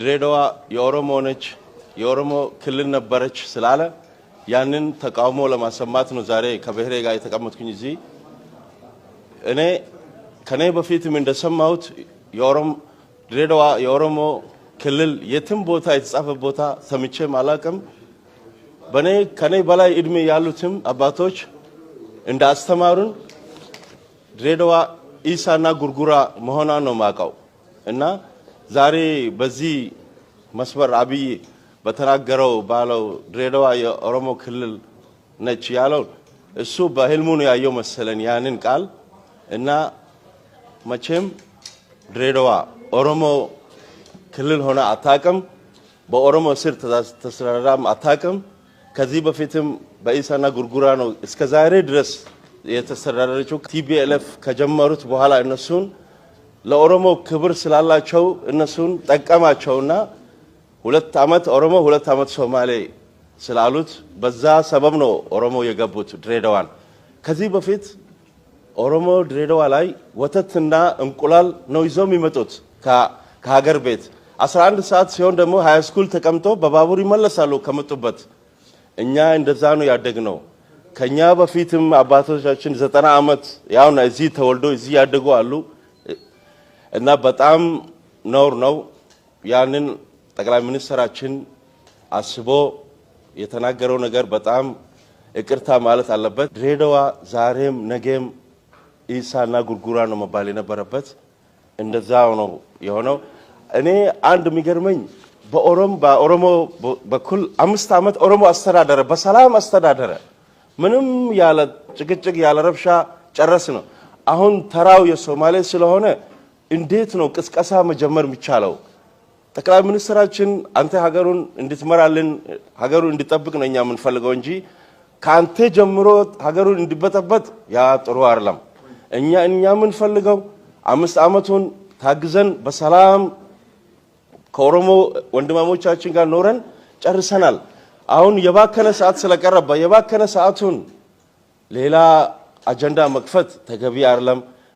ድሬዳዋ የኦሮሞ ነች፣ የኦሮሞ ክልል ነበረች ስላለ ያንን ተቃውሞ ለማሰማት ነው ዛሬ ከብሔሬ ጋር የተቀመጥኩኝ እዚህ። እኔ ከኔ በፊትም እንደሰማሁት ድሬዳዋ የኦሮሞ ክልል የትም ቦታ የተጻፈ ቦታ ሰምቼም አላቅም። በኔ ከኔ በላይ እድሜ ያሉትም አባቶች እንዳስተማሩን ድሬዳዋ ኢሳና ጉርጉራ መሆኗን ነው ማውቀው እና ዛሬ በዚህ መስመር አብይ በተናገረው ባለው ድሬዳዋ የኦሮሞ ክልል ነች ያለው እሱ በህልሙ ነው ያየው መሰለን ያንን ቃል እና መቼም ድሬዳዋ ኦሮሞ ክልል ሆነ አታቅም። በኦሮሞ ስር ተስተዳድራም አታቅም። ከዚህ በፊትም በኢሳና ጉርጉራ ነው እስከ ዛሬ ድረስ የተስተዳደረችው። ቲቢኤልኤፍ ከጀመሩት በኋላ እነሱን ለኦሮሞ ክብር ስላላቸው እነሱን ጠቀማቸውና ሁለት ዓመት ኦሮሞ ሁለት ዓመት ሶማሌ ስላሉት በዛ ሰበብ ነው ኦሮሞ የገቡት ድሬዳዋን። ከዚህ በፊት ኦሮሞ ድሬዳዋ ላይ ወተትና እንቁላል ነው ይዘው የሚመጡት ከሀገር ቤት 11 ሰዓት ሲሆን ደግሞ ሃይስኩል ተቀምጦ በባቡር ይመለሳሉ ከመጡበት። እኛ እንደዛ ነው ያደግነው። ከኛ በፊትም አባቶቻችን ዘጠና ዓመት ያው እዚህ ተወልዶ እዚህ ያደጉ አሉ። እና በጣም ነውር ነው። ያንን ጠቅላይ ሚኒስትራችን አስቦ የተናገረው ነገር በጣም ይቅርታ ማለት አለበት። ድሬዳዋ ዛሬም ነገም ኢሳና ጉርጉራ ነው መባል የነበረበት እንደዛ ነው የሆነው። እኔ አንድ የሚገርመኝ በኦሮም በኦሮሞ በኩል አምስት ዓመት ኦሮሞ አስተዳደረ፣ በሰላም አስተዳደረ፣ ምንም ያለ ጭቅጭቅ ያለ ረብሻ ጨረስ ነው። አሁን ተራው የሶማሌ ስለሆነ እንዴት ነው ቅስቀሳ መጀመር የሚቻለው? ጠቅላይ ሚኒስትራችን አንተ ሀገሩን እንድትመራልን ሀገሩን እንድጠብቅ ነው እኛ የምንፈልገው እንጂ ከአንተ ጀምሮ ሀገሩን እንድበጠበጥ ያ ጥሩ አይደለም። እኛ እኛ የምንፈልገው አምስት ዓመቱን ታግዘን በሰላም ከኦሮሞ ወንድማሞቻችን ጋር ኖረን ጨርሰናል። አሁን የባከነ ሰዓት ስለቀረበ የባከነ ሰዓቱን ሌላ አጀንዳ መክፈት ተገቢ አይደለም።